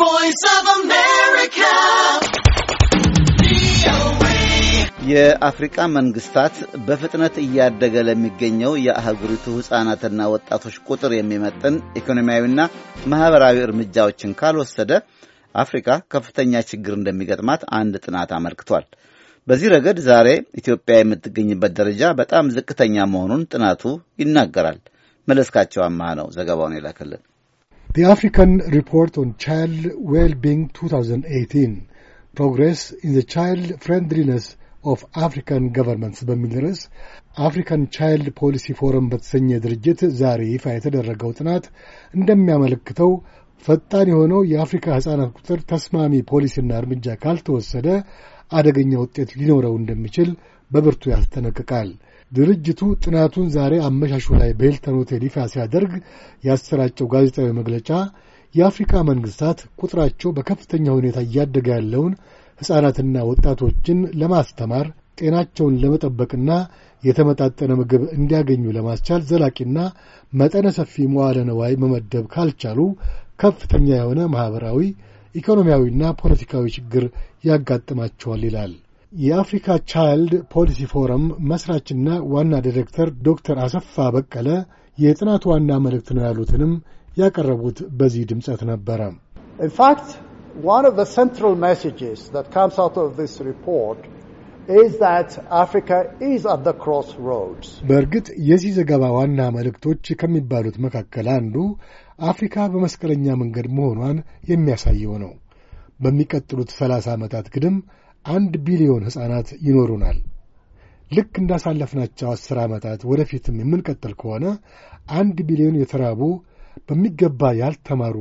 voice of America. የአፍሪቃ መንግስታት በፍጥነት እያደገ ለሚገኘው የአህጉሪቱ ሕፃናትና ወጣቶች ቁጥር የሚመጥን ኢኮኖሚያዊና ማኅበራዊ እርምጃዎችን ካልወሰደ አፍሪካ ከፍተኛ ችግር እንደሚገጥማት አንድ ጥናት አመልክቷል። በዚህ ረገድ ዛሬ ኢትዮጵያ የምትገኝበት ደረጃ በጣም ዝቅተኛ መሆኑን ጥናቱ ይናገራል። መለስካቸው አማህ ነው ዘገባውን የላከልን። The African Report on Child well 2018 Progress in the Child Friendliness of African Governments በሚል ርዕስ አፍሪካን ቻይልድ ፖሊሲ ፎረም በተሰኘ ድርጅት ዛሬ ይፋ የተደረገው ጥናት እንደሚያመለክተው ፈጣን የሆነው የአፍሪካ ሕፃናት ቁጥር ተስማሚ ፖሊሲና እርምጃ ካልተወሰደ አደገኛ ውጤት ሊኖረው እንደሚችል በብርቱ ያስጠነቅቃል። ድርጅቱ ጥናቱን ዛሬ አመሻሹ ላይ በሂልተን ሆቴል ይፋ ሲያደርግ ያሰራጨው ጋዜጣዊ መግለጫ የአፍሪካ መንግስታት ቁጥራቸው በከፍተኛ ሁኔታ እያደገ ያለውን ሕፃናትና ወጣቶችን ለማስተማር ጤናቸውን ለመጠበቅና የተመጣጠነ ምግብ እንዲያገኙ ለማስቻል ዘላቂና መጠነ ሰፊ መዋለ ነዋይ መመደብ ካልቻሉ ከፍተኛ የሆነ ማኅበራዊ ኢኮኖሚያዊና ፖለቲካዊ ችግር ያጋጥማቸዋል ይላል። የአፍሪካ ቻይልድ ፖሊሲ ፎረም መስራችና ዋና ዲሬክተር ዶክተር አሰፋ በቀለ የጥናት ዋና መልእክት ነው ያሉትንም ያቀረቡት በዚህ ድምፀት ነበረ። ኢንፋክት ዋን ኦፍ ዘ ሴንትራል ሜሴጅስ ዛት ካምስ አውት ኦፍ ዚስ ሪፖርት በእርግጥ የዚህ ዘገባ ዋና መልእክቶች ከሚባሉት መካከል አንዱ አፍሪካ በመስቀለኛ መንገድ መሆኗን የሚያሳየው ነው። በሚቀጥሉት ሰላሳ ዓመታት ግድም አንድ ቢሊዮን ሕፃናት ይኖሩናል። ልክ እንዳሳለፍናቸው አስር ዓመታት ወደፊትም የምንቀጥል ከሆነ አንድ ቢሊዮን የተራቡ በሚገባ ያልተማሩ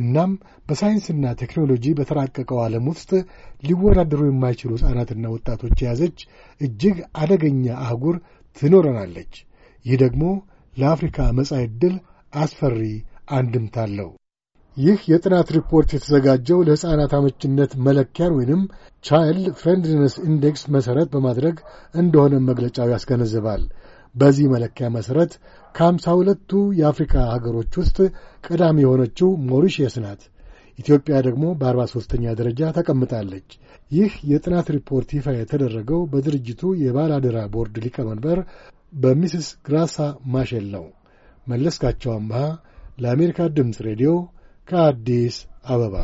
እናም በሳይንስና ቴክኖሎጂ በተራቀቀው ዓለም ውስጥ ሊወዳደሩ የማይችሉ ሕፃናትና ወጣቶች የያዘች እጅግ አደገኛ አህጉር ትኖረናለች። ይህ ደግሞ ለአፍሪካ መጻኢ ዕድል አስፈሪ አንድምታ አለው። ይህ የጥናት ሪፖርት የተዘጋጀው ለሕፃናት አመችነት መለኪያን ወይንም ቻይልድ ፍሬንድሊነስ ኢንዴክስ መሠረት በማድረግ እንደሆነ መግለጫው ያስገነዝባል። በዚህ መለኪያ መሠረት ከሀምሳ ሁለቱ የአፍሪካ ሀገሮች ውስጥ ቀዳሚ የሆነችው ሞሪሼስ ናት። ኢትዮጵያ ደግሞ በአርባ ሦስተኛ ደረጃ ተቀምጣለች። ይህ የጥናት ሪፖርት ይፋ የተደረገው በድርጅቱ የባላደራ ቦርድ ሊቀመንበር በሚስስ ግራሳ ማሼል ነው። መለስካቸው አምሃ ለአሜሪካ ድምፅ ሬዲዮ ከአዲስ አበባ